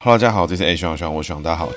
哈嘍大家好這是欸學長學長我是學長大家好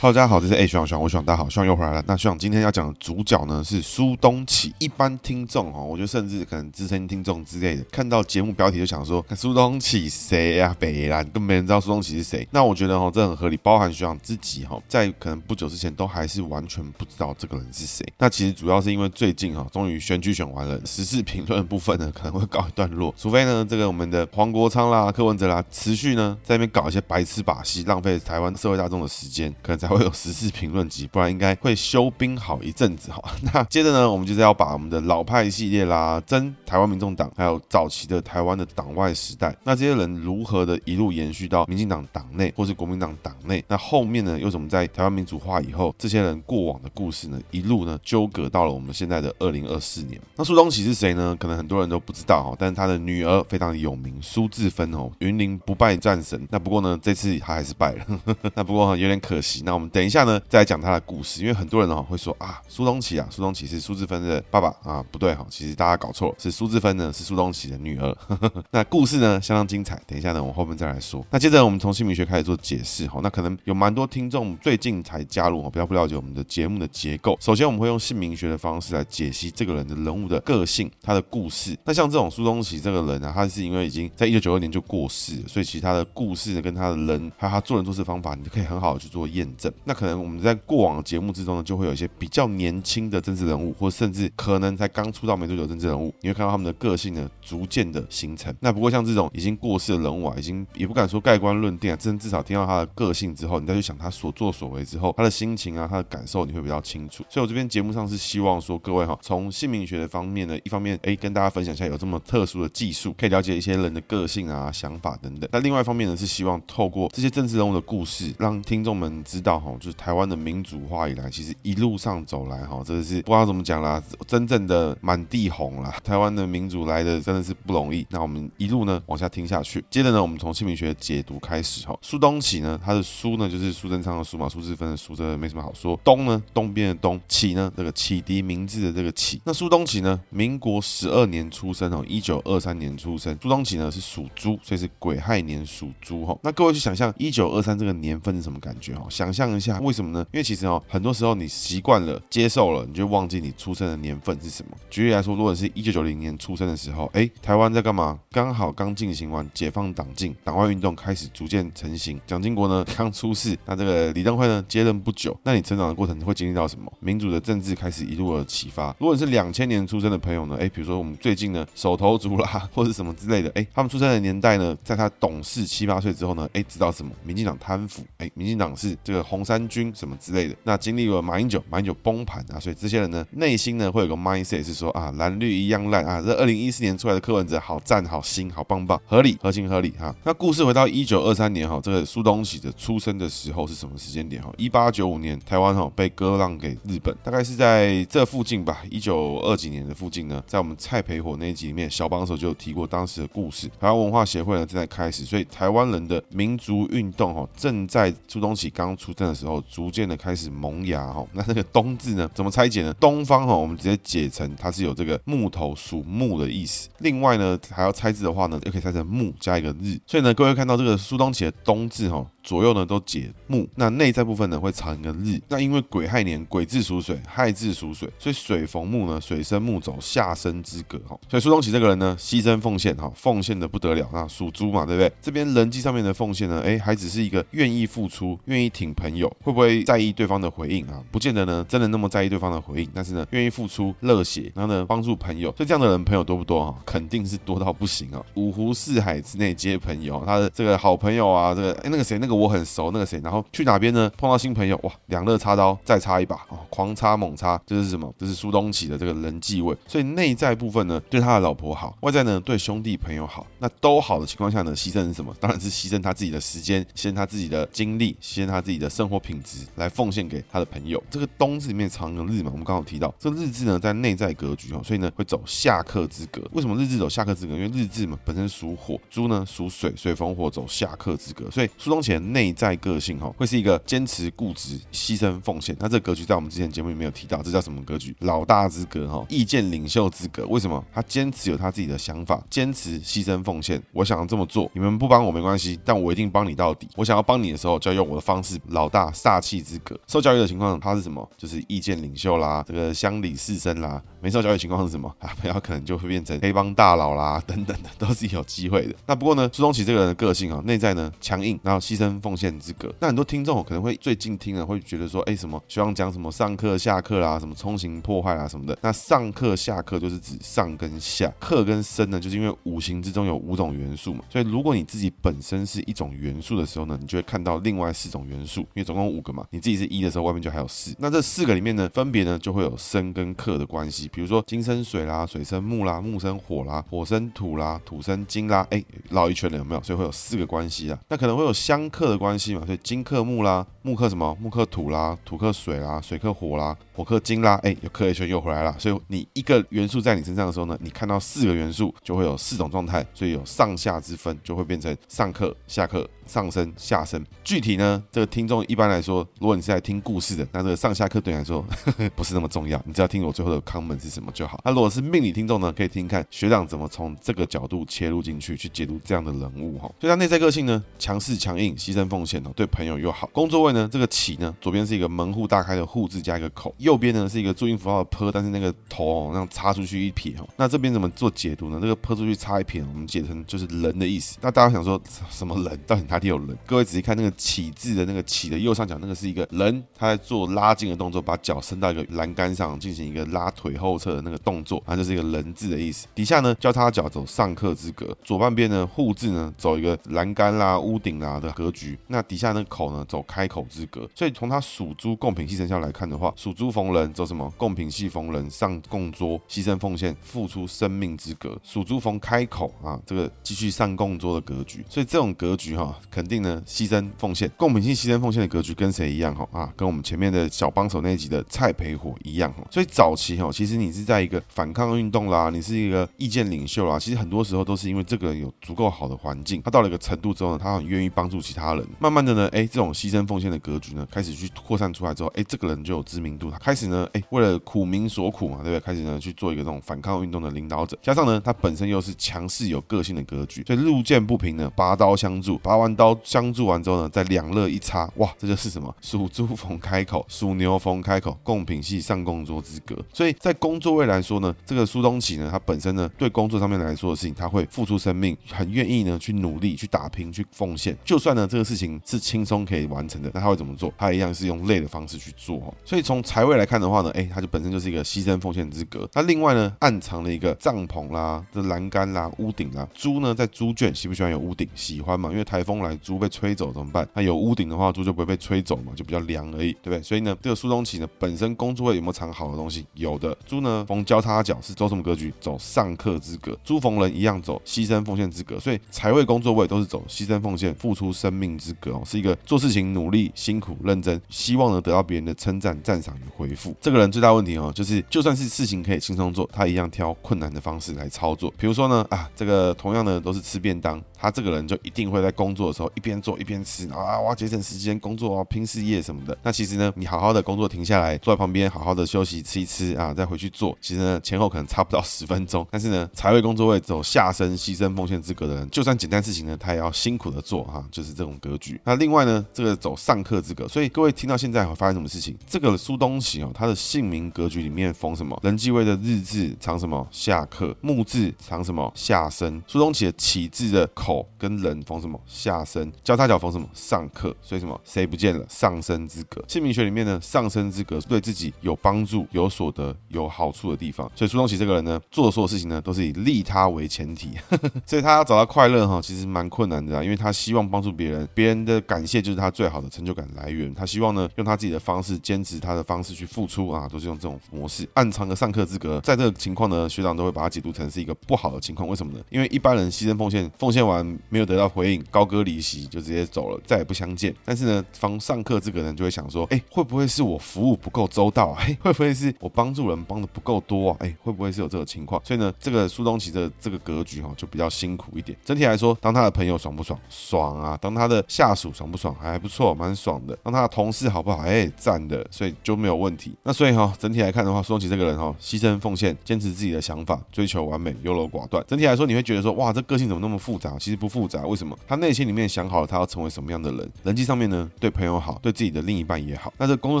大家好，這是欸學長學長，我想大家好，學長又回來了。那學長今天要講的主角呢，是蘇東啟。一般聽眾哦，我覺得甚至可能資深聽眾之類的，看到節目標題就想說，看蘇東啟誰呀？啊，北蘭都沒人知道蘇東啟是誰。那我覺得哦，這很合理，包含學長自己哦，在可能不久之前都還是完全不知道這個人是誰。那其實主要是因為最近哦，終於選舉選完了，時事評論的部分呢可能會告一段落，除非呢這個我們的黃國昌啦、柯文哲啦持續呢在那邊搞一些白痴把戲，浪費了台灣社會大眾的時間，可能才會。我會有時事評論集，不然應該會休兵好一陣子。好， 那接着呢，我們就是要把我們的老派系列啦，爭台灣民眾黨，還有早期的台灣的黨外時代，那這些人如何的一路延續到民進黨黨內或是國民黨黨內，那後面呢，又怎麼在台灣民主化以後，這些人過往的故事呢，一路呢糾葛到了我們現在的二零二四年？那蘇東啟是誰呢？可能很多人都不知道哈、喔，但是他的女兒非常有名，蘇治芬哦、喔，雲林不敗戰神。那不過呢，這次他還是敗了。 那不過有點可惜那。我們等一下呢，再來講他的故事，因為很多人哦會說啊，蘇東啟啊，蘇東啟是蘇治芬的爸爸啊，不對哈，其實大家搞錯了，是蘇治芬呢是蘇東啟的女兒。呵 呵，那故事呢相當精彩，等一下呢，我後面再來說。那接着我們從姓名學開始做解釋哈，那可能有蠻多聽眾最近才加入哦，比較不了解我們的節目的結構。首先我們會用姓名學的方式來解析這個人的人物的個性，他的故事。那像這種蘇東啟這個人呢、啊，他是因為已經在一九九二年就過世了，所以其他的故事跟他的人還有他做人做事的方法，你就可以很好的去做驗證。那可能我們在過往的節目之中呢，就會有一些比較年輕的政治人物，或甚至可能才剛出道沒多久政治人物，你會看到他們的個性呢，逐漸的形成。那不過像這種已經過世的人物，啊，已經也不敢說蓋棺論定啊，但至少聽到他的個性之後，你再去想他所作所為之後，他的心情啊，他的感受，你會比較清楚。所以我這邊節目上是希望說，各位哈、啊，從姓名學的方面呢，一方面哎，跟大家分享一下有這麼特殊的技術，可以了解一些人的個性啊、想法等等。那另外一方面呢，是希望透過這些政治人物的故事，讓聽眾們知道。就是台灣的民主化以來，其實一路上走來，哈，真的是不知道怎麼講啦，真正的滿地紅啦。台灣的民主來的真的是不容易。那我們一路呢往下聽下去。接着呢，我們從姓名學解讀開始。哈，蘇東啟呢，他的蘇呢就是蘇貞昌的蘇嘛，蘇治芬的蘇，這沒什麼好說。東呢，東邊的東；啟呢，這個啟迪明智的這個啟。那蘇東啟呢，民國十二年出生哦，一九二三年出生。蘇東啟呢是屬豬，所以是癸亥年屬豬哈。那各位去想象一九二三這個年份是什麼感覺哈？想象。看一下為什麼呢？因為其實哦，很多時候你習慣了接受了，你就忘記你出生的年份是什麼。舉例來說，如果是一九九零年出生的時候，哎，台灣在幹嘛？剛好剛進行完解放黨禁，黨外運動開始逐漸成型，蔣經國呢剛出世，那這個李登輝呢接任不久，那你成長的過程會經歷到什麼？民主的政治開始一路的啟發。如果是兩千年出生的朋友呢，哎，比如說我們最近呢手頭足啦，或者是什麼之類的，哎，他們出生的年代呢，在他懂事七八歲之後呢，哎，知道什麼？民進黨貪腐，哎，民進黨是這個。紅衫軍什麼之類的，那經歷了馬英九，馬英九崩盤啊，所以這些人呢，內心呢會有個 mindset 是說啊，藍綠一樣爛啊，這二零一四年出來的柯文哲好讚好新好棒棒，合理合情合理哈、啊。那故事回到一九二三年哈，這個蘇東啟的出生的時候是什麼時間點哈？一八九五年台灣哈被割讓給日本，大概是在這附近吧。一九二幾年的附近呢，在我們蔡培火那一集裡面小幫手就有提過當時的故事，台灣文化協會呢正在開始，所以台灣人的民族運動哈正在蘇東啟剛出生。的時候逐漸的開始萌芽哈、哦，那這個東字呢，怎麼拆解呢？東方哈、哦，我們直接解成它是有這個木頭屬木的意思。另外呢，還要拆字的話呢，又可以拆成木加一個日。所以呢，各位看到這個蘇東啟的東字哈、哦。左右呢都解木，那內在部分呢會藏一個日。那因為癸亥年，癸字屬水，亥字屬水，所以水逢木呢，水生木走，走下生之格。所以蘇東啟這個人呢，犧牲奉獻哈，奉獻的不得了。那屬豬嘛，對不對？這邊人際上面的奉獻呢，哎、欸，還只是一個願意付出、願意挺朋友，會不會在意對方的回應啊？不見得呢，真的那麼在意對方的回應。但是呢，願意付出熱血，然後呢，幫助朋友，所以這樣的人朋友多不多哈？肯定是多到不行啊，五湖四海之內皆朋友。他的這個好朋友啊，這個哎、欸、那個誰那個。我很熟那個誰，然後去哪邊呢？碰到新朋友哇，兩肋插刀，再插一把啊、哦，狂插猛插，這是什麼？這是蘇東啟的這個人際位。所以內在部分呢，對他的老婆好；外在呢，對兄弟朋友好。那都好的情況下呢，犧牲是什麼？當然是犧牲他自己的時間，犧牲他自己的精力，犧牲他自己的生活品質來奉獻給他的朋友。這個東字裡面藏個日嘛，我們剛剛提到這個日字呢，在內在格局哦，所以呢會走下克之格。為什麼日字走下克之格？因為日字嘛本身屬火，豬呢屬水，水逢火走下克之格。所以蘇東啟。內在個性哈，會是一個堅持固、固執、犧牲、奉獻。那這個格局在我們之前節目裡沒有提到，這叫什麼格局？老大之格哈，意見領袖之格。為什麼？他堅持有他自己的想法，堅持犧牲奉獻。我想要這麼做，你們不幫我沒關係，但我一定幫你到底。我想要幫你的時候，就要用我的方式。老大煞氣之格，受教育的情況他是什麼？就是意見領袖啦，這個鄉里士紳啦。沒受教育情況是什麼？啊，不要可能就會變成黑幫大佬啦等等的，都是有機會的。那不過呢，蘇東啟這個人的個性啊，內在呢強硬，然後犧牲奉獻之格。那很多聽眾可能會最近聽了會覺得說，哎，什麼學長講什麼上課下課啦，什麼沖刑破壞啊什麼的。那上課下課就是指上跟下，克跟生呢，就是因為五行之中有五種元素嘛。所以如果你自己本身是一種元素的時候呢，你就會看到另外四種元素，因為總共五個嘛。你自己是一的時候，外面就還有四。那這四個裡面呢，分別呢就會有生跟克的關係。比如說金生水啦，水生木啦，木生火啦，火生土啦，土生金啦，哎，繞一圈了，有沒有？所以會有四個關係啊。那可能會有相克，的關係嘛，所以金克木啦，木克什麼？木克土啦，土克水啦，水克火啦，火克金啦。哎、欸，又克一圈，又回來了。所以你一個元素在你身上的時候呢，你看到四個元素就會有四種狀態，所以有上下之分，就會變成上克下克。上身下身，具體呢？這個聽眾一般來說，如果你是來聽故事的，那這個上下課對你來說呵呵不是那麼重要，你只要聽我最後的 comment 是什麼就好。那如果是命理聽眾呢，可以聽看學長怎麼從這個角度切入進去，去解讀這樣的人物哈。所以他內在個性呢，強勢強硬，犧牲奉獻哦，對朋友又好。工作位呢，這個啟呢，左邊是一個門戶大開的戶字加一個口，右邊呢是一個注音符號的坡，但是那個頭哦，那樣插出去一撇哦。那這邊怎麼做解讀呢？這、那個潑出去插一撇，我們解成就是人的意思。那大家想說什麼人？到底有各位仔細看那個起字的那個起的右上角，那個是一個人，他在做拉筋的動作，把腳伸到一個欄杆上，進行一個拉腿後側的那個動作，啊，就是一個人字的意思。底下呢，交叉他腳走上客之格，左半邊的戶字呢，走一個欄杆啦、啊、屋頂啦、啊、的格局。那底下那個口呢，走開口之格。所以從他屬豬供品系成下來看的話，屬豬逢人走什麼？供品系逢人上供桌，犧牲奉獻，付出生命之格。屬豬逢開口啊，這個繼續上供桌的格局。所以這種格局哈、啊。肯定呢，犧牲奉獻、共鳴性、犧牲奉獻的格局跟誰一樣哈？啊，跟我們前面的小幫手那集的蔡培火一樣哈。所以早期哈，其實你是在一個反抗運動啦，你是一個意見領袖啦。其實很多時候都是因為這個人有足夠好的環境，他到了一個程度之後呢，他很願意幫助其他人。慢慢的呢，哎，這種犧牲奉獻的格局呢，開始去擴散出來之後，哎，這個人就有知名度。他開始呢，哎，為了苦民所苦嘛，對不對？開始呢去做一個這種反抗運動的領導者，加上呢，他本身又是強勢有個性的格局，所以路見不平呢，拔刀相助，拔完刀。然後相助完之後呢，再兩肋一插，哇，這就是什麼？屬豬逢開口，屬牛逢開口，供品繫上供桌之格。所以在工作位來說呢，這個蘇東啟呢，他本身呢，對工作上面來說的事情，他會付出生命，很願意呢去努力、去打拼、去奉獻。就算呢這個事情是輕鬆可以完成的，那他會怎麼做？他一樣是用累的方式去做。所以從財位來看的話呢，哎，他就本身就是一個犧牲奉獻之格。那另外呢，暗藏了一個帳篷啦、這欄杆啦、屋頂啦。豬呢在豬圈喜不喜歡有屋頂？喜歡嘛，因為台風來。豬被吹走怎麼辦？那有屋頂的話，豬就不會被吹走嘛，就比較涼而已，對不對？所以呢，這個蘇東啟呢，本身工作位有沒有藏好的東西？有的。豬呢，逢交叉腳是走什麼格局？走上客之格。豬逢人一樣走犧牲奉獻之格，所以財位、工作位都是走犧牲奉獻、付出生命之格哦，是一個做事情努力、辛苦、認真，希望能得到別人的稱讚、讚賞與回復。這個人最大問題哦，就是就算是事情可以輕鬆做，他一樣挑困難的方式來操作。比如說呢，啊，這個同樣的都是吃便當。他這個人就一定會在工作的時候一邊做一邊吃啊，我、啊、要、啊、節省時間工作啊，拼事業什麼的。那其實呢，你好好的工作停下來，坐在旁邊好好的休息吃一吃啊，再回去做，其實呢前後可能差不到十分鐘。但是呢，財位工作位走下生犧牲奉獻之格的人，就算簡單事情呢，他也要辛苦的做哈、啊，就是這種格局。那另外呢，這個走上剋之格，所以各位聽到現在會發生什麼事情？這個蘇東啟哦，他的姓名格局裡面逢什麼？人際位的日字藏什麼？下剋木字藏什麼？下生。蘇東啟的啟字的。口跟人縫什麼下身交叉腳縫什麼上課，所以什麼誰不見了上身之格。姓名學裡面呢，上身之格是對自己有幫助、有所得、有好處的地方。所以蘇東啟這個人呢，做的所有事情呢，都是以利他為前提。 所以他要找到快樂哈，其實蠻困難的啊，因為他希望幫助別人，別人的感謝就是他最好的成就感來源。他希望呢，用他自己的方式、堅持他的方式去付出啊，都是用這種模式。暗藏的上課之格，在這個情況呢，學長都會把它解讀成是一個不好的情況。為什麼呢？因為一般人犧牲奉獻，奉獻完。沒有得到回應，高歌離席就直接走了，再也不相見。但是呢，方上課這個人就會想說：哎，會不會是我服務不夠周到、啊？哎，會不會是我幫助人幫的不夠多啊？哎，會不會是有這個情況？所以呢，這個蘇東啟的這個格局哈、哦，就比較辛苦一點。整體來說，當他的朋友爽不爽？爽啊！當他的下屬爽不爽？還，還不錯，蠻爽的。當他的同事好不好？哎，讚的。所以就沒有問題。那所以哈、哦，整體來看的話，蘇東啟這個人哈、哦，犧牲奉獻，堅持自己的想法，追求完美，優柔寡斷。整體來說，你會覺得說：哇，這個性怎麼那麼複雜？其實不複雜，為什麼？他內心裡面想好了，他要成為什麼樣的人？人際上面呢，對朋友好，對自己的另一半也好。那在工作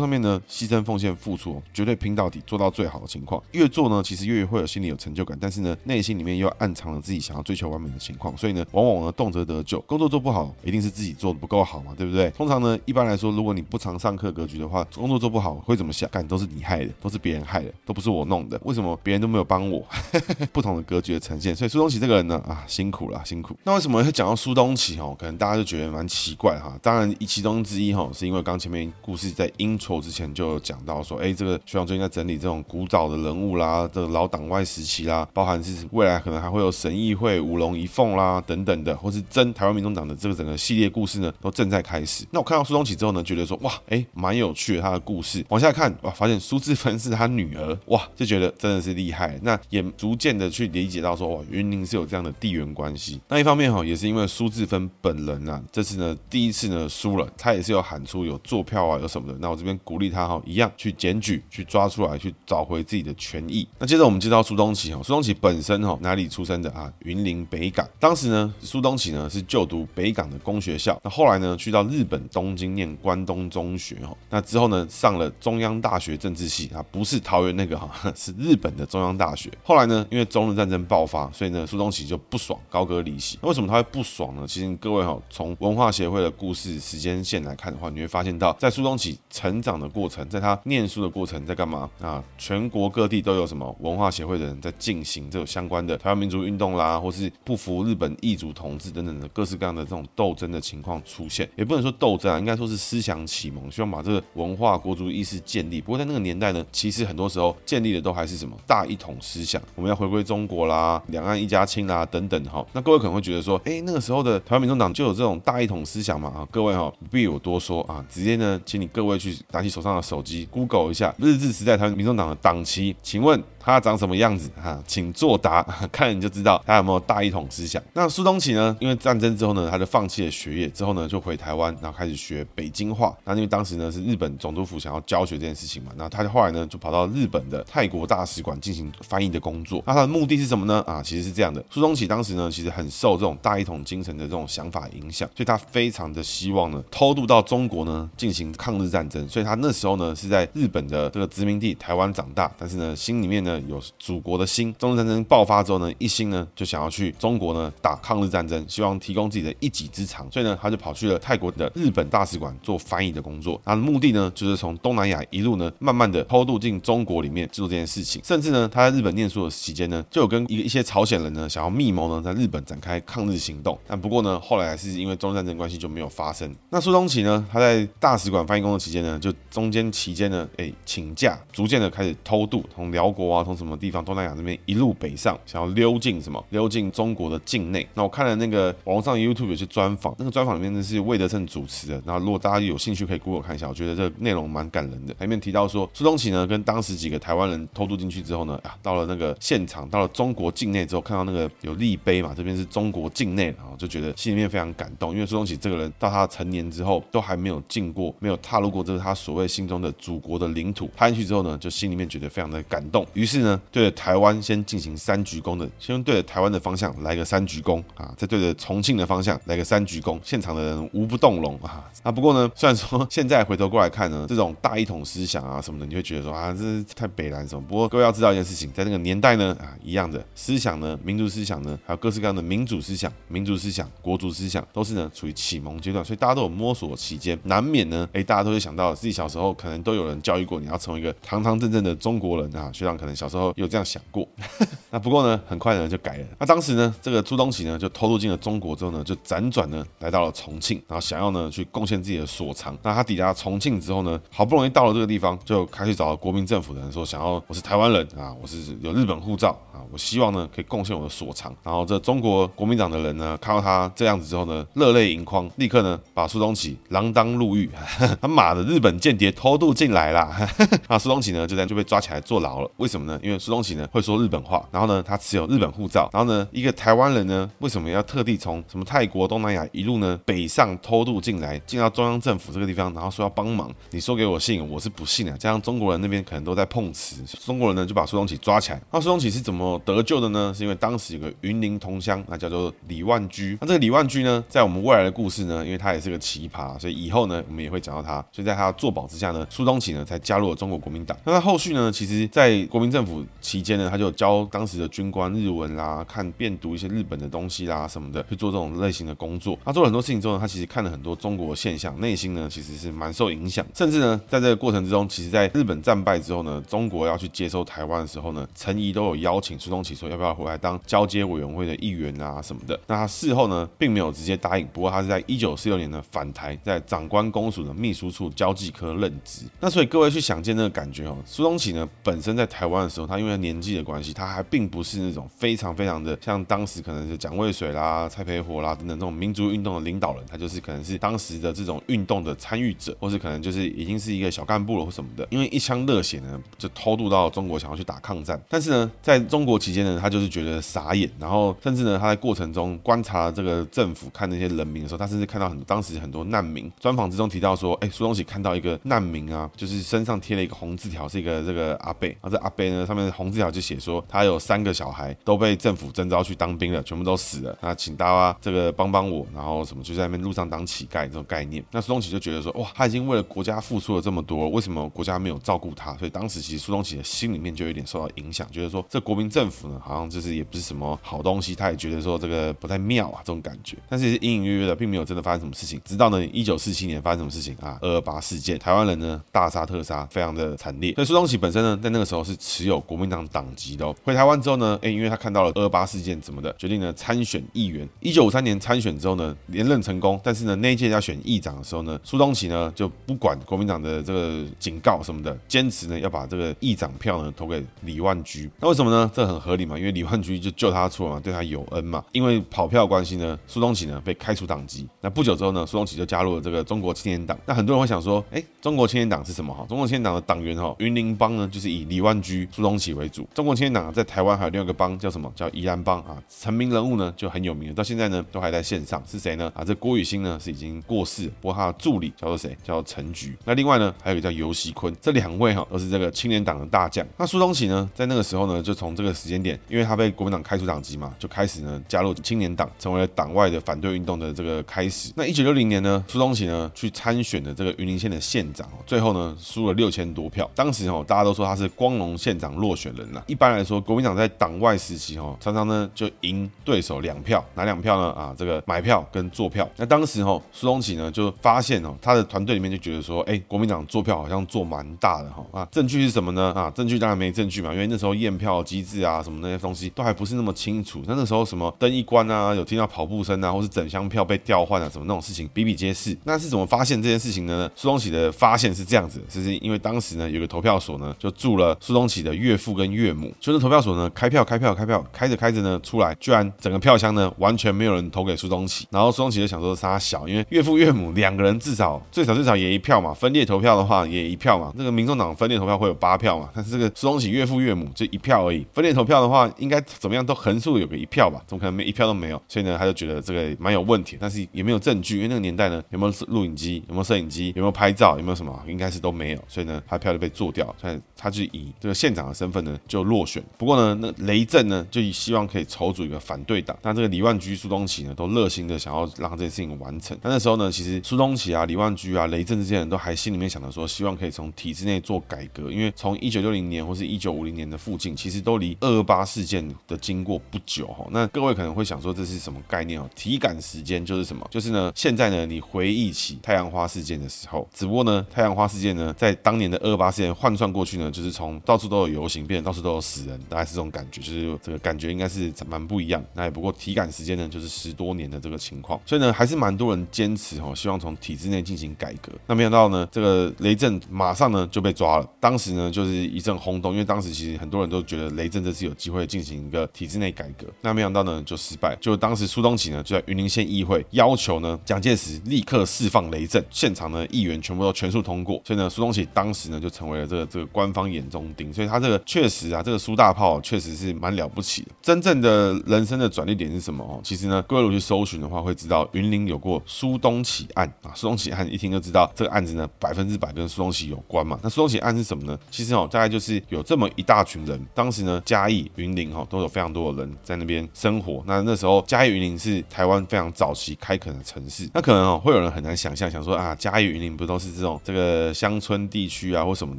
上面呢，犧牲、奉獻、付出，絕對拼到底，做到最好的情況。越做呢，其實越會有心裡有成就感。但是呢，內心裡面又暗藏了自己想要追求完美的情況，所以呢，往往呢，動輒得咎。工作做不好，一定是自己做的不夠好嘛，對不對？通常呢，一般來說，如果你不常上課格局的話，工作做不好會怎麼想？幹，都是你害的，都是別人害的，都不是我弄的。為什麼別人都沒有幫我？ 不同的格局的呈現。所以蘇東啟這個人呢，啊，辛苦了，辛苦。為什麼會講到蘇東啟？哈，可能大家就覺得蠻奇怪哈。當然，其中之一哈，是因為剛前面故事在應酬之前就有講到說，哎、欸，這個學長最近在整理這種古早的人物啦，這個老黨外時期啦，包含是未來可能還會有省議會五龍一鳳啦等等的，或是真台灣民眾黨的這個整個系列故事呢，都正在開始。那我看到蘇東啟之後呢，覺得說哇，哎、欸，蠻有趣的他的故事。往下看哇，發現蘇治芬是他女兒哇，就覺得真的是厲害。那也逐漸的去理解到說哇，雲林是有這樣的地緣關係。那一方面。也是因為蘇治芬本人啊，這次呢，第一次呢輸了，他也是有喊出有作票啊，有什麼的。那我這邊鼓勵他哈，一樣去檢舉，去抓出來，去找回自己的權益。那接着我們知道蘇東啟哈，蘇東啟本身哈哪裡出生的啊？雲林北港。當時呢，蘇東啟呢是就讀北港的公學校，那後來呢去到日本東京念關東中學哈，那之後呢上了中央大學政治系啊，不是桃園那個哈，是日本的中央大學。後來呢，因為中日戰爭爆發，所以呢蘇東啟就不爽，高歌離席。為什麼他會不爽呢？其實各位哈，從文化協會的故事時間線來看的話，你會發現到，在蘇東啟成長的過程，在他念書的過程，在幹嘛啊？全國各地都有什麼文化協會的人在進行這個相關的台灣民族運動啦，或是不服日本異族統治等等的各式各樣的這種鬥爭的情況出現，也不能說鬥爭啊，應該說是思想啟蒙，希望把這個文化、國族意識建立。不過在那個年代呢，其實很多時候建立的都還是什麼大一統思想，我們要回歸中國啦，兩岸一家親啦等等哈。那各位可能會覺得說。說，哎，那個時候的台灣民眾黨就有這種大一統思想嘛？啊，各位哈、哦，不必我多說啊，直接呢，請你各位去拿起手上的手機，Google 一下日治時代台灣民眾黨的黨旗，請問。他長什麼樣子哈、啊，請作答，看你就知道他有沒有大一統思想。那蘇東啟呢？因為戰爭之後呢，他就放棄了學業，之後呢就回台灣，然後開始學北京話。那因為當時呢是日本總督府想要教學這件事情嘛，那他就後來呢就跑到日本的泰國大使館進行翻譯的工作。那他的目的是什麼呢？啊，其實是這樣的：蘇東啟當時呢其實很受這種大一統精神的這種想法影響，所以他非常的希望呢偷渡到中國呢進行抗日戰爭。所以他那時候呢是在日本的這個殖民地台灣長大，但是呢心裡面呢，有祖國的心。中日戰爭爆發之後呢，一心呢就想要去中國呢打抗日戰爭，希望提供自己的一己之長。所以呢，他就跑去了泰國的日本大使館做翻譯的工作。他的目的呢，就是從東南亞一路呢，慢慢的偷渡進中國裡面，做這件事情。甚至呢，他在日本念書的期間呢，就有跟一個一些朝鮮人呢，想要密謀呢，在日本展開抗日行動。但不過呢，後來還是因為中日戰爭關係就沒有發生。那蘇東啟呢，他在大使館翻譯工作期間呢，就中間期間呢，哎，請假，逐漸的開始偷渡從遼國啊。從什麼地方，東南亞那邊一路北上，想要溜進什麼，溜進中國的境內。那我看了那個網絡上 YouTube 有些專訪，那個專訪裡面呢是魏德聖主持的。那如果大家有興趣，可以 Google 看一下，我覺得這個內容蠻感人的。裡面提到說，蘇東啟呢跟當時幾個台灣人偷渡進去之後呢，啊，到了那個現場，到了中國境內之後，看到那個有立碑嘛，這邊是中國境內，然後就覺得心裡面非常感動，因為蘇東啟這個人到他成年之後都還沒有進過，沒有踏入過這是他所謂心中的祖國的領土。他進去之後呢，就心裡面覺得非常的感動。於於是呢，對着台灣先進行三鞠躬的，先對着台灣的方向來個三鞠躬啊，再對着重慶的方向來個三鞠躬，現場的人無不動容啊。啊，不過呢，雖然說現在回頭過來看呢，這種大一統思想啊什麼的，你會覺得說啊，這是太北南什麼？不過各位要知道一件事情，在那個年代呢啊，一樣的思想呢，民族思想呢，還有各式各樣的民主思想、民族思想、國族思想，都是呢處於啟蒙階段，所以大家都有摸索期間，難免呢，哎，大家都會想到自己小時候可能都有人教育過你要成為一個堂堂正正的中國人啊，學長可能。小時候有這樣想過， 那不過呢，很快呢就改了。那當時呢，這個蘇東啟呢就偷渡進了中國之後呢，就輾轉呢來到了重慶，然後想要呢去貢獻自己的所長。那他抵達重慶之後呢，好不容易到了這個地方，就開始找了國民政府的人說，想要我是台灣人啊，我是有日本護照。啊，我希望呢可以貢獻我的所長。然後這中國國民黨的人呢看到他這樣子之後呢，熱淚盈眶，立刻呢把蘇東啟鋃鐺入獄。 他馬的日本間諜偷渡進來了， 那蘇東啟呢就在就被抓起來坐牢了。為什麼呢？因為蘇東啟呢會說日本話，然後呢他持有日本護照，然後呢一個台灣人呢為什麼要特地從什麼泰國東南亞一路呢北上偷渡進來，進到中央政府這個地方，然後說要幫忙？你說給我信，我是不信啊。這樣中國人那邊可能都在碰瓷，中國人呢就把蘇東啟抓起來。那蘇東啟是怎麼？得救的呢，是因為當時有個雲林同鄉，那叫做李萬居。那這個李萬居呢，在我們未來的故事呢，因為他也是個奇葩，所以以後呢，我們也會講到他。所以在他作保之下呢，蘇東啟呢才加入了中國國民黨。那他後續呢，其實，在國民政府期間呢，他就教當時的軍官日文啦，看遍讀一些日本的東西啦什麼的，去做這種類型的工作。他做了很多事情之後呢，他其實看了很多中國的現象，內心呢其實是蠻受影響。甚至呢，在這個過程之中，其實在日本戰敗之後呢，中國要去接收台灣的時候呢，陳儀都有邀請。蘇東啟說：“要不要回來當交接委員會的議員啊什麼的？”那他事後呢，並沒有直接答應。不過他是在一九四六年的返台，在長官公署的秘書處交際科任職。那所以各位去想見那個感覺哦，蘇東啟呢本身在台灣的時候，他因為年紀的關係，他還並不是那種非常非常的像當時可能是蔣渭水啦、蔡培火啦等等這種民族運動的領導人，他就是可能是當時的這種運動的參與者，或是可能就是已經是一個小幹部了或什麼的。因為一腔熱血呢，就偷渡到中國想要去打抗戰。但是呢，在中國中國期間呢，他就是覺得傻眼，然後甚至呢，他在過程中觀察這個政府看那些人民的時候，他甚至看到很多當時很多難民。專訪之中提到說，哎，蘇東啟看到一個難民啊，就是身上貼了一個紅字條，是一個這個阿伯。然後這阿伯呢，上面紅字條就寫說，他有三個小孩都被政府徵召去當兵了，全部都死了。那請大家這個幫幫我，然後什麼就在那邊路上當乞丐這種概念。那蘇東啟就覺得說，哇，他已經為了國家付出了這麼多，為什麼國家沒有照顧他？所以當時其實蘇東啟的心裡面就有點受到影響，覺得說這國民。政府呢，好像就是也不是什麼好東西，他也覺得說這個不太妙啊，這種感覺。但是也是隱隱約約的，並沒有真的發生什麼事情。直到呢，一九四七年發生什麼事情啊？二二八事件，台灣人呢大殺特殺，非常的慘烈。所以蘇東啟本身呢，在那個時候是持有國民黨黨籍的哦。回台灣之後呢，哎，因為他看到了二二八事件怎麼的，決定呢參選議員。一九五三年參選之後呢，連任成功。但是呢，那一屆要選議長的時候呢，蘇東啟呢就不管國民黨的這個警告什麼的，堅持呢要把這個議長票呢投給李萬居。那為什麼呢？這很合理嘛，因為李萬居就救他出來嘛，對他有恩嘛。因為跑票的關係呢，蘇東啟呢被開除黨籍。那不久之後呢，蘇東啟就加入了這個中國青年黨。那很多人會想說，誒，中國青年黨是什麼？哈，中國青年黨的黨員哈，雲林幫呢就是以李萬居、蘇東啟為主。中國青年黨在台灣還有另外一個幫叫什麼？叫宜蘭幫啊。成名人物呢就很有名，到現在呢都還在線上。是誰呢？啊，這郭雨新呢是已經過世，不過他的助理叫做誰？叫做陳菊。那另外呢還有一個叫游錫堃，這兩位哈都是這個青年黨的大將。那蘇東啟呢在那個時候呢就從這個的時間點，因為他被國民黨開除黨籍嘛，就開始呢加入青年黨，成為了黨外的反對運動的這個開始。那一九六零年呢，蘇東啟呢去參選的這個雲林縣的縣長，最後呢輸了六千多票。當時哦，大家都說他是光榮縣長落選人啦。一般來說，國民黨在黨外時期哦，常常呢就贏對手兩票，哪兩票呢？啊，這個買票跟做票。那當時哦，蘇東啟呢就發現哦，他的團隊裡面就覺得說，哎，國民黨做票好像做蠻大的哈啊，證據是什麼呢？啊，證據當然沒證據嘛，因為那時候驗票機制，啊，什麼那些東西都還不是那麼清楚。那那個、時候什麼燈一關啊，有聽到跑步聲啊，或是整箱票被調換啊，什麼那種事情比比皆是。那是怎麼發現這件事情呢？蘇東啟的發現是這樣子的，就是，是因為當時呢，有個投票所呢，就住了蘇東啟的岳父跟岳母。就是投票所呢，開票開票開票開着開着呢，出來居然整個票箱呢，完全沒有人投給蘇東啟。然後蘇東啟就想說，三小，因為岳父岳母兩個人至少最少最少也一票嘛，分裂投票的話也一票嘛，那、這個民眾黨分裂投票會有八票嘛，但是這個蘇東啟岳父岳母就一票而已，分。投票的話，應該怎麼樣都橫豎有個一票吧，怎麼可能沒一票都沒有？所以呢，他就覺得這個蠻有問題，但是也沒有證據，因為那個年代呢，有沒有錄影機，有沒有攝影機，有沒有拍照，有沒有什麼，應該是都沒有，所以呢，他票就被做掉了，所以他就以這個縣長的身份呢，就落選。不過呢，那雷震呢，就以希望可以籌組一個反對黨，那這個李萬居、蘇東啟呢，都熱心的想要讓這件事情完成。那那時候呢，其實蘇東啟啊、李萬居啊、雷震這些人都還心裡面想着說，希望可以從體制內做改革，因為從一九六零年或是一九五零年的附近，其實都離。二二八事件的經過不久哈，那各位可能會想說，這是什麼概念哦？體感時間就是什麼？就是呢，現在呢，你回憶起太陽花事件的時候，只不過呢，太陽花事件呢在當年的二二八事件換算過去呢，就是從到處都有遊行變成到處都有死人，大概是這種感覺，就是這個感覺應該是蠻不一樣。那也不過體感時間呢就是十多年的這個情況，所以呢還是蠻多人堅持哦，希望從體制內進行改革。那沒想到呢，這個雷震馬上呢就被抓了，當時呢就是一陣轟動，因為當時其實很多人都覺得雷震。這是有機會進行一個體制內改革，那沒想到呢就失敗。就當時蘇東啟呢就在雲林縣議會要求呢蔣介石立刻釋放雷震，現場呢議員全部都全數通過，所以呢蘇東啟當時呢就成為了這個這個官方眼中釘。所以他這個確實啊，這個蘇大炮、啊、確實是蠻了不起的。真正的人生的轉捩點是什麼哦？其實呢，各位如果去搜尋的話會知道，雲林有過蘇東啟案啊。蘇東啟案一聽就知道這個案子呢百分之百跟蘇東啟有關嘛。那蘇東啟案是什麼呢？其實哦，大概就是有這麼一大群人，當時呢嘉義雲林哈都有非常多的人在那邊生活。那那時候嘉義雲林是台灣非常早期開墾的城市。那可能哦會有人很難想象，想說啊嘉義雲林不都是這種這個鄉村地區啊或什麼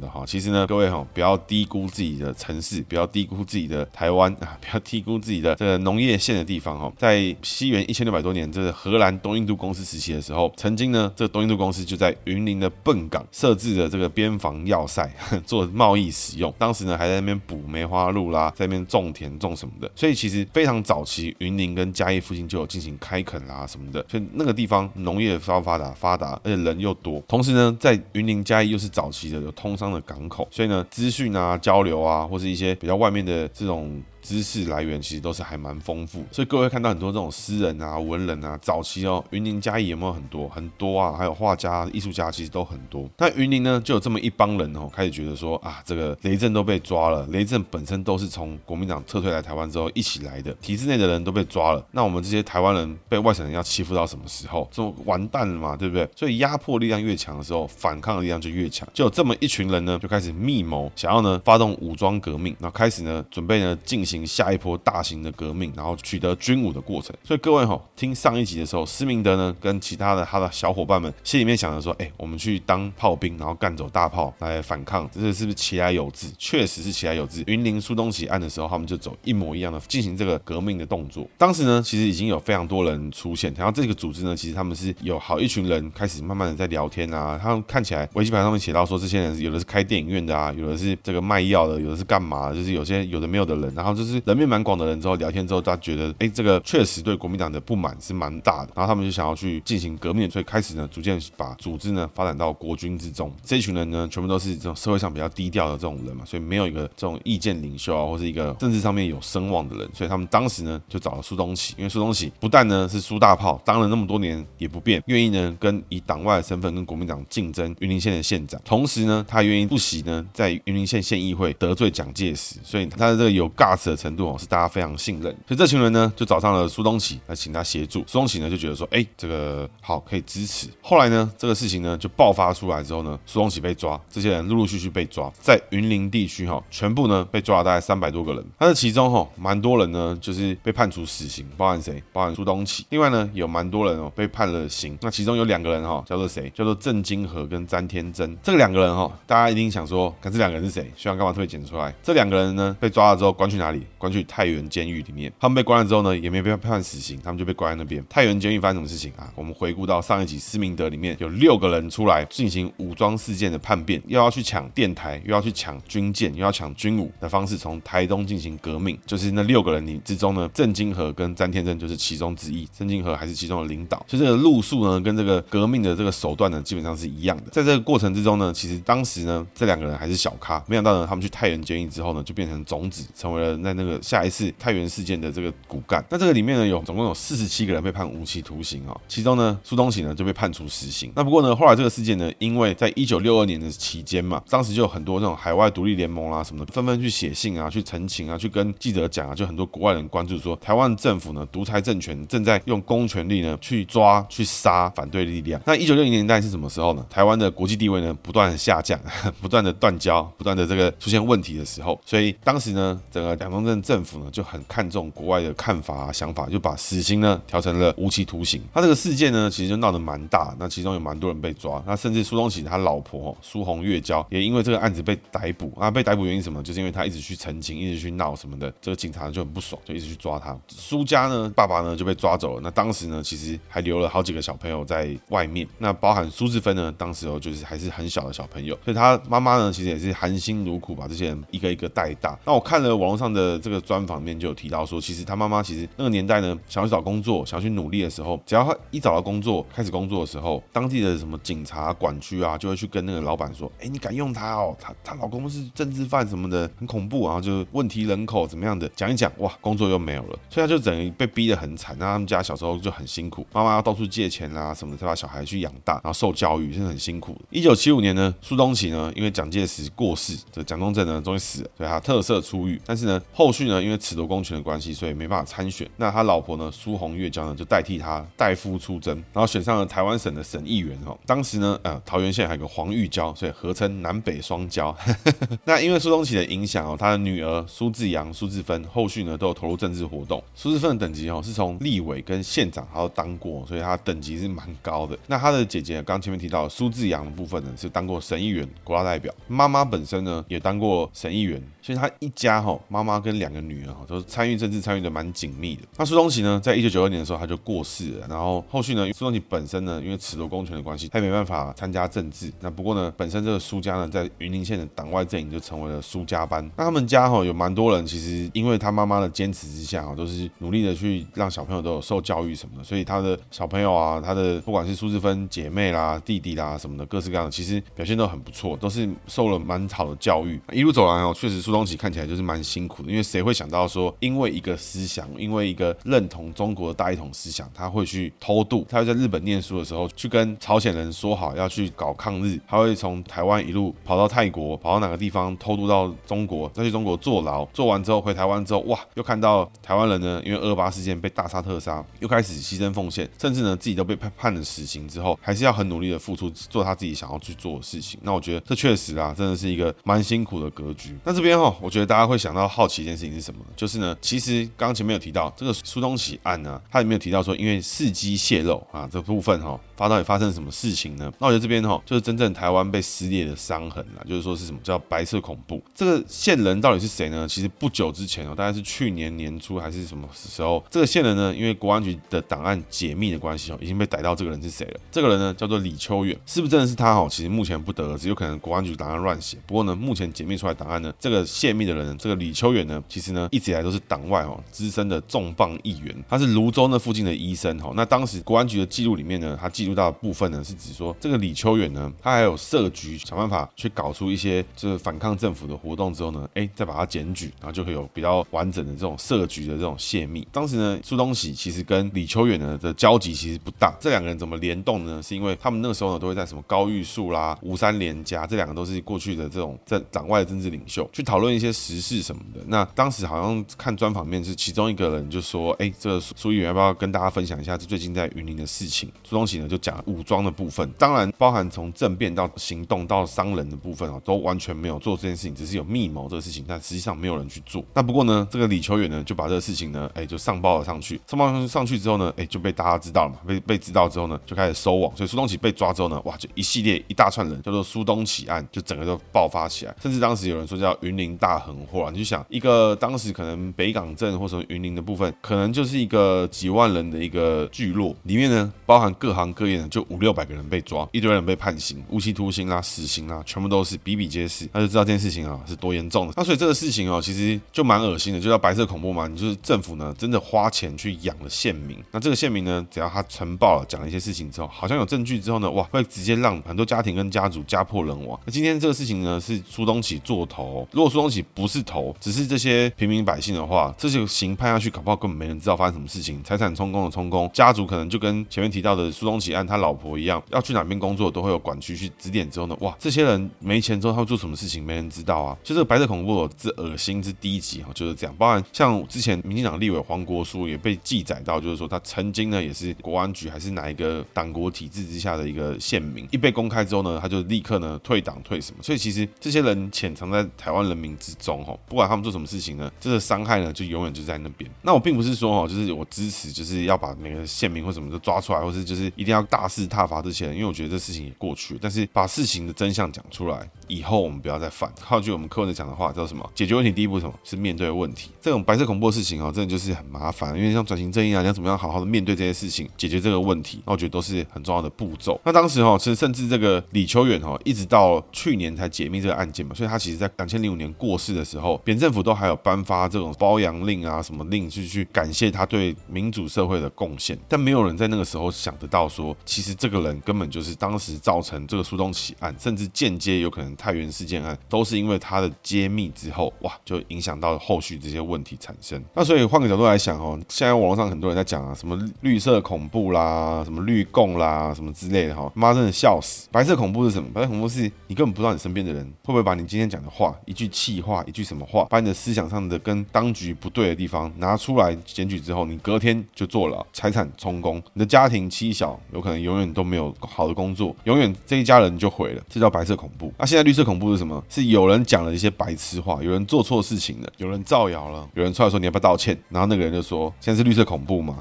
的哈。其實呢，各位哈，不要低估自己的城市，不要低估自己的台灣啊，不要低估自己的這個農業縣的地方哈。在西元一千六百多年這個荷蘭東印度公司時期的時候，曾經呢這東印度公司就在雲林的笨港設置了這個邊防要塞做貿易使用。當時呢還在那邊捕梅花鹿啦。在那邊種田種什麼的，所以其實非常早期，雲林跟嘉義附近就有進行開墾啊什麼的，所以那個地方農業非常發達發達，而且人又多。同時呢，在雲林嘉義又是早期的有通商的港口，所以呢，資訊啊、交流啊，或是一些比較外面的這種。知識來源其實都是還蠻豐富，所以各位看到很多這種詩人啊、文人啊，早期哦，雲林嘉義有沒有很多很多啊？還有畫家、啊、藝術家其實都很多。那雲林呢，就有這麼一幫人哦，開始覺得說啊，這個雷震都被抓了，雷震本身都是從國民黨撤退來台灣之後一起來的，體制內的人都被抓了，那我們這些台灣人被外省人要欺負到什麼時候？這完蛋了嘛，對不對？所以壓迫力量越強的時候，反抗力量就越強。就有這麼一群人呢，就開始密謀，想要呢發動武裝革命，然後開始呢準備呢進行，下一波大型的革命，然後取得軍武的過程。所以各位哈，聽上一集的時候，施明德呢跟其他的他的小伙伴們心裡面想着說：“哎、欸，我們去當炮兵，然後幹走大炮來反抗，這是、個、是不是其來有自？確實是其來有自。雲林蘇東啟案的時候，他們就走一模一樣的進行這個革命的動作。當時呢，其實已經有非常多人出現，然後這個組織呢，其實他們是有好一群人開始慢慢的在聊天啊。他們看起來，筆記牌上面寫到說，這些人有的是開電影院的啊，有的是這個賣藥的，有的是幹嘛？就是有些有的沒有的人，然後就是。就是人面蠻廣的人，之後聊天之後，他覺得哎、欸，這個確實對國民黨的不滿是蠻大的。然後他們就想要去進行革命，所以開始呢，逐漸把組織呢發展到國軍之中。這一群人呢，全部都是這種社會上比較低調的這種人嘛，所以沒有一個這種意見領袖啊，或是一個政治上面有聲望的人。所以他們當時呢，就找了蘇東啟，因為蘇東啟不但呢是蘇大炮，當了那麼多年也不變，願意呢跟以黨外的身份跟國民黨競爭雲林縣的縣長。同時呢，他願意不惜呢在雲林縣縣議會得罪蔣介石，所以他的這個有尬的程度哦，是大家非常信任，所以這群人呢就找上了蘇東啟來請他協助。蘇東啟呢就覺得說，哎、欸，這個好可以支持。後來呢，這個事情呢就爆發出來之後呢，蘇東啟被抓，這些人陸陸續續，續被抓，在雲林地區哈、哦，全部呢被抓了大概三百多個人。但是其中哈、哦，蠻多人呢就是被判處死刑，包含誰？包含蘇東啟。另外呢，有蠻多人哦被判了刑。那其中有兩個人哈、哦，叫做誰？叫做鄭金河跟詹天真。這個兩個人哈、哦，大家一定想說，看這兩個人是誰，希望幹嘛特別撿出來？這兩個人呢被抓了之後關去哪裡？關去太原監獄裡面，他們被關了之後呢，也沒被判死刑，他們就被關在那邊。太原監獄發生什麼事情啊？我們回顧到上一集《施明德》裡面有六個人出來進行武裝事件的叛變，又要去搶電台，又要去搶軍艦，又要搶軍武的方式，從台東進行革命。就是那六個人之中呢，鄭金河跟詹天正就是其中之一，鄭金河還是其中的領導。就這個路數呢，跟這個革命的這個手段呢，基本上是一樣的。在這個過程之中呢，其實當時呢，這兩個人還是小咖，沒想到呢，他們去太原監獄之後呢，就變成種子，成為了。在那個下一次太原事件的這個骨幹，那這個裡面呢，有總共有四十七個人被判無期徒刑啊，哦，其中呢蘇東啟呢就被判處死刑。那不過呢後來這個事件呢，因為在一九六二年的期間嘛，當時就有很多這種海外獨立聯盟啊什麼的，紛紛去寫信啊，去陳情啊，去跟記者講啊，就很多國外人關注說，台灣政府呢獨裁政權正在用公權力呢去抓去殺反對力量。那一九六零年代是什麼時候呢？台灣的國際地位呢不斷下降， 不斷的斷交，不斷的這個出現問題的時候，所以當時呢整個兩。中政府呢就很看重國外的看法啊、想法，就把死刑呢調成了無期徒刑。他這個事件呢其實就鬧得蠻大，那其中有蠻多人被抓，那甚至蘇東啟他老婆蘇、哦、洪月嬌也因為這個案子被逮捕啊。那被逮捕原因什麼？就是因為他一直去澄清，一直去鬧什麼的，這個警察就很不爽，就一直去抓他。蘇家呢，爸爸呢就被抓走了。那當時呢，其實還留了好幾個小朋友在外面，那包含蘇治芬呢，當時就是還是很小的小朋友，所以他媽媽呢其實也是含辛茹苦把這些人一個一個帶大。那我看了網絡上的。的這個專訪面就有提到說，其實他媽媽其實那個年代呢，想要去找工作，想要去努力的時候，只要他一找到工作，開始工作的時候，當地的什麼警察、啊、管區啊，就會去跟那個老闆說，哎，你敢用他哦？他他老公是政治犯什麼的，很恐怖然、啊、後就是、問題人口怎麼樣的講一講，哇，工作又沒有了，所以他就等於被逼得很慘。那他們家小時候就很辛苦，媽媽要到處借錢啊什麼的，才把小孩去養大，然後受教育是很辛苦的。一九七五年呢，蘇東啟呢，因為蔣介石過世，這蔣中正呢，終於死了，所以他特赦出獄，但是呢。後續呢，因為褫奪公權的關係，所以沒辦法參選。那他老婆呢，蘇洪月嬌呢，就代替他代夫出征，然後選上了台灣省的省議員。哈，當時呢，呃，桃園縣還有個黃玉嬌，所以合稱南北雙嬌。 那因為蘇東啟的影響哦，他的女兒蘇治洋、蘇治芬，後續呢都有投入政治活動。蘇治芬的等級哦，是從立委跟縣長他都當過，所以他等級是蠻高的。那他的姐姐剛前面提到蘇治洋的部分呢，是當過省議員、國大代表。媽媽本身呢也當過省議員，所以他一家哈，媽媽跟跟兩個女兒哈都是參與政治，參與的蠻緊密的。那蘇東啟呢，在一九九二年的時候他就過世了，然後後續呢，蘇東啟本身呢，因為褫奪公權的關係，他也沒辦法參加政治。那不過呢，本身這個蘇家呢，在雲林縣的黨外陣營就成為了蘇家班。那他們家哈、喔、有蠻多人，其實因為他媽媽的堅持之下啊、喔，都是努力的去讓小朋友都有受教育什麼的，所以他的小朋友啊，他的不管是蘇治芬姐妹啦、弟弟啦什麼的，各式各樣，的，其實表現都很不錯，都是受了蠻好的教育。一路走來哦，確實蘇東啟看起來就是蠻辛苦的，因為，因為誰會想到說，因為一個思想，因為一個認同中國的大一統思想，他會去偷渡，他會在日本念書的時候去跟朝鮮人說好要去搞抗日，他會從台灣一路跑到泰國，跑到哪個地方偷渡到中國，再去中國坐牢，坐完之後回台灣之後，哇，又看到台灣人呢，因為二二八事件被大殺特殺，又開始犧牲奉獻，甚至呢自己都被判判了死刑之後，還是要很努力的付出，做他自己想要去做的事情。那我覺得這確實啊，真的是一個蠻辛苦的格局。那這邊哈、哦，我覺得大家會想到好奇，幾件事情是什麼？就是呢，其實剛前面有提到這個蘇東啟案呢、啊，他也沒有提到說因為伺機泄露啊這部分哈、哦，發到底發生了什麼事情呢？那我覺得這邊哈、哦，就是真正台灣被撕裂的傷痕啊，就是說是什麼叫白色恐怖？這個線人到底是誰呢？其實不久之前哦，大概是去年年初還是什麼時候？這個線人呢，因為國安局的檔案解密的關係哦，已經被逮到這個人是誰了。這個人呢叫做李秋遠，是不是真的是他哦？其實目前不得而知，只有可能國安局檔案亂寫。不過呢，目前解密出來檔案呢，這個泄密的人，這個李秋遠呢，其實呢，一直以來都是黨外哦，資深的重磅議員，他是瀘州那附近的醫生哈、哦。那當時國安局的記錄裡面呢，他記錄到的部分呢，是指說這個李秋遠呢，他還有設局想辦法去搞出一些就是反抗政府的活動之後呢，哎，再把他檢舉，然後就會有比較完整的這種設局的這種泄密。當時呢，蘇東啟其實跟李秋遠呢的交集其實不大，這兩個人怎麼聯動呢？是因為他們那個時候呢，都會在什麼高玉樹啦、吳三連家，這兩個都是過去的這種在黨外的政治領袖去討論一些時事什麼的那。那當時好像看專訪面是其中一個人就說：“哎，這個蘇議員要不要跟大家分享一下，這最近在雲林的事情？”蘇東啟呢就講武裝的部分，當然包含從政變到行動到傷人的部分啊，都完全沒有做這件事情，只是有密謀這個事情，但實際上沒有人去做。那不過呢，這個李秋遠呢就把這個事情呢，哎，就上報了上去。上報上去之後呢，哎，就被大家知道了嘛，被被知道之後呢，就開始收網。所以蘇東啟被抓之後呢，哇，就一系列一大串人叫做蘇東啟案，就整個都爆發起來。甚至當時有人說叫雲林大橫禍，啊，你就想一個。個、呃、當時可能北港鎮或者雲林的部分，可能就是一個幾萬人的一個聚落，裡面呢包含各行各業呢，就五六百個人被抓，一堆人被判刑，無期徒刑啦、死刑啦，全部都是比比皆是。那就知道這件事情啊是多嚴重的。那所以這個事情哦，其實就蠻噁心的，就叫白色恐怖嘛。你就是政府呢，真的花錢去養了線民，那這個線民呢，只要他呈報了講了一些事情之後，好像有證據之後呢，哇，會直接讓很多家庭跟家族家破人亡。那今天這個事情呢，是蘇東啟做頭、哦，如果蘇東啟不是頭，只是這。這些平民百姓的話，這些刑判下去，搞不好根本沒人知道發生什麼事情。財產充公的充公，家族可能就跟前面提到的蘇東啟案他老婆一樣，要去哪邊工作都會有管區去指點。之後呢，哇，這些人沒錢之後，他會做什麼事情沒人知道啊。就這個白色恐怖之噁心之低級啊，就是這樣。包含像之前民進黨立委黃國書也被記載到，就是說他曾經呢也是國安局還是哪一個黨國體制之下的一個線民，一被公開之後呢，他就立刻呢退黨退什麼。所以其實這些人潛藏在台灣人民之中，哦，不管他們做什麼。事情呢，這個傷害呢，就永遠就在那邊。那我並不是說哦，就是我支持，就是要把那個線民或什麼都抓出來，或是就是一定要大肆撻伐這些人，因為我覺得這事情也過去了。但是把事情的真相講出來，以後我們不要再犯。套句我們柯文哲講的,的話，叫什麼？解決問題第一步什麼？是面對問題。這種白色恐怖的事情哦，真的就是很麻煩。因為像轉型正義啊，你要怎麼樣好好的面對這些事情，解決這個問題，那我覺得都是很重要的步驟。那當時哦，其實甚至這個李秋遠哦，一直到去年才解密這個案件嘛，所以他其實在兩千零五年過世的時候，扁政府都。還有頒發這種褒揚令啊，什麼令去去感謝他對民主社會的貢獻，但沒有人在那個時候想得到說，其實這個人根本就是當時造成這個蘇東啟案，甚至間接有可能泰源事件案，都是因為他的揭秘之後，哇，就影響到後續這些問題產生。那所以換個角度來想哦，現在網絡上很多人在講啊，什麼綠色恐怖啦，什麼綠共啦，什麼之類的哈、哦，媽真的笑死。白色恐怖是什麼？白色恐怖是你根本不知道你身邊的人會不會把你今天講的話，一句氣話，一句什麼話，把你的事。思想上的跟當局不對的地方拿出來檢舉之後，你隔天就坐牢，財產充公，你的家庭妻小有可能永遠都沒有好的工作，永遠這一家人就毀了，這叫白色恐怖。那、啊、現在綠色恐怖是什麼？是有人講了一些白痴話，有人做錯事情了，有人造謠了，有人出來說你要不要道歉，然後那個人就說現在是綠色恐怖嘛，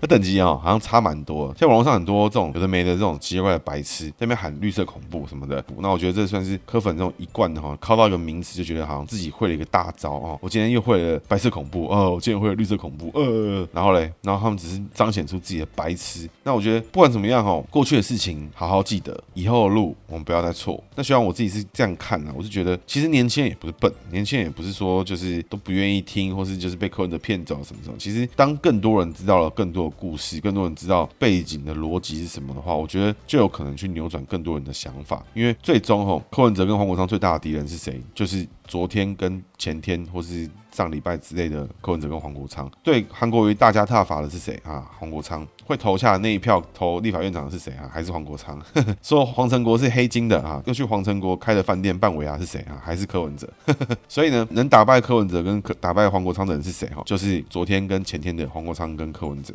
那 等級啊、哦、好像差蠻多。像網絡上很多這種有的沒的這種奇怪的白痴在那邊喊綠色恐怖什麼的，那我覺得這算是科粉這種一貫的哈，靠到一個名詞就覺得好像自己會了一個大招。哦哦，我今天又會了白色恐怖，哦，我今天會了綠色恐怖，呃、哦，然後嘞，然後他們只是彰顯出自己的白痴。那我覺得不管怎麼樣哦，過去的事情好好記得，以後的路我們不要再錯。那雖然我自己是這樣看的、啊，我是覺得其實年輕人也不是笨，年輕人也不是說就是都不願意聽，或是就是被柯文哲騙走什麼什麼。其實當更多人知道了更多的故事，更多人知道背景的邏輯是什麼的話，我覺得就有可能去扭轉更多人的想法。因為最終哦，柯文哲跟黃國昌最大的敵人是誰？就是。昨天跟前天或是上禮拜之類的，柯文哲跟黃國昌對韓國瑜大加撻伐的是誰啊？黃國昌會投下那一票投立法院長的是誰啊？還是黃國昌呵呵說黃承國是黑金的啊？又去黃承國，開的飯店辦尾牙、啊、是誰啊？還是柯文哲，呵呵所以呢，能打敗柯文哲跟可打敗黃國昌的人是誰哈？就是昨天跟前天的黃國昌跟柯文哲。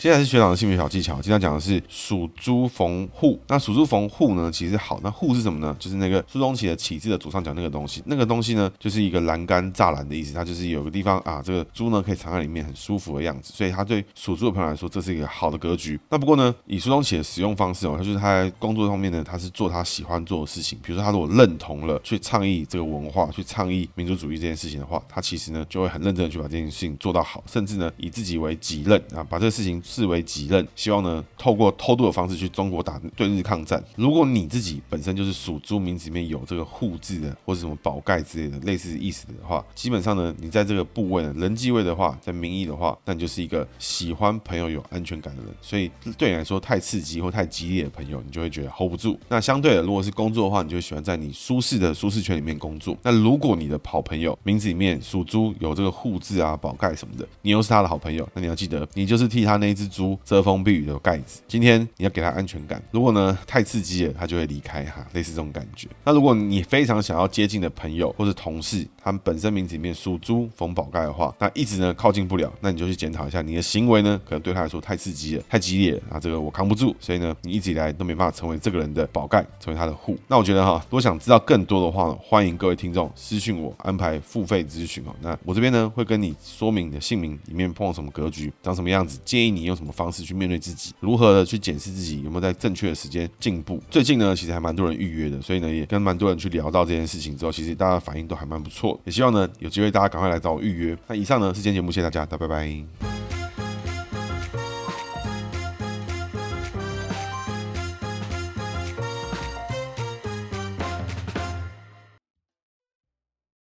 現在是學長的姓名小技巧。今天講的是屬豬逢戶。那屬豬逢戶呢，其實好。那戶是什麼呢？就是那個蘇東啟的啟字的左上角那個東西。那個東西呢，就是一個欄杆、柵欄的意思。它就是有個地方啊，這個豬呢可以藏在裡面，很舒服的樣子。所以它對屬豬的朋友來說，這是一個好的格局。那不過呢，以蘇東啟的使用方式哦，它就是他在工作上面呢，他是做他喜歡做的事情。比如說，他如果認同了去倡議這個文化，去倡議民族主義這件事情的話，他其實呢就會很認真的去把這件事情做到好，甚至呢以自己為己任啊，把這個事情。視為己任，希望呢，透過偷渡的方式去中國打對日抗戰。如果你自己本身就是屬豬，名字裡面有這個“護”字的，或者什麼“寶蓋”之類的類似意思的話，基本上呢，你在這個部位呢，人際位的話，在名義的話，那你就是一個喜歡朋友有安全感的人。所以對你來說，太刺激或太激烈的朋友，你就會覺得 hold 不住。那相對的，如果是工作的話，你就喜歡在你舒適的舒適圈裡面工作。那如果你的好朋友名字裡面屬豬有這個“護”字啊、寶蓋什麼的，你又是他的好朋友，那你要記得，你就是替他那。是豬遮風避雨的蓋子。今天你要給他安全感。如果呢，太刺激了，他就會離開哈，類似這種感覺。那如果你非常想要接近的朋友或者同事，他們本身名字裡面屬豬逢寶蓋的話，那一直呢，靠近不了，那你就去檢討一下你的行為呢，可能對他來說太刺激了，太激烈了，啊這個我扛不住，所以呢你一直以來都沒辦法成為這個人的寶蓋，成為他的護。那我覺得哈、哦，如果想知道更多的話呢，歡迎各位聽眾私信我安排付費諮詢哦。那我這邊呢會跟你說明你的姓名裡面碰到什麼格局，長什麼樣子，建議你。用什麼方式去面對自己？如何的去檢視自己有沒有在正確的時間進步？最近呢，其實還蠻多人預約的，所以呢，也跟蠻多人去聊到這件事情之後，其實大家的反應都還蠻不錯。也希望呢，有機會大家趕快來找我預約。那以上呢，是今天節目，謝謝大家，大家拜拜。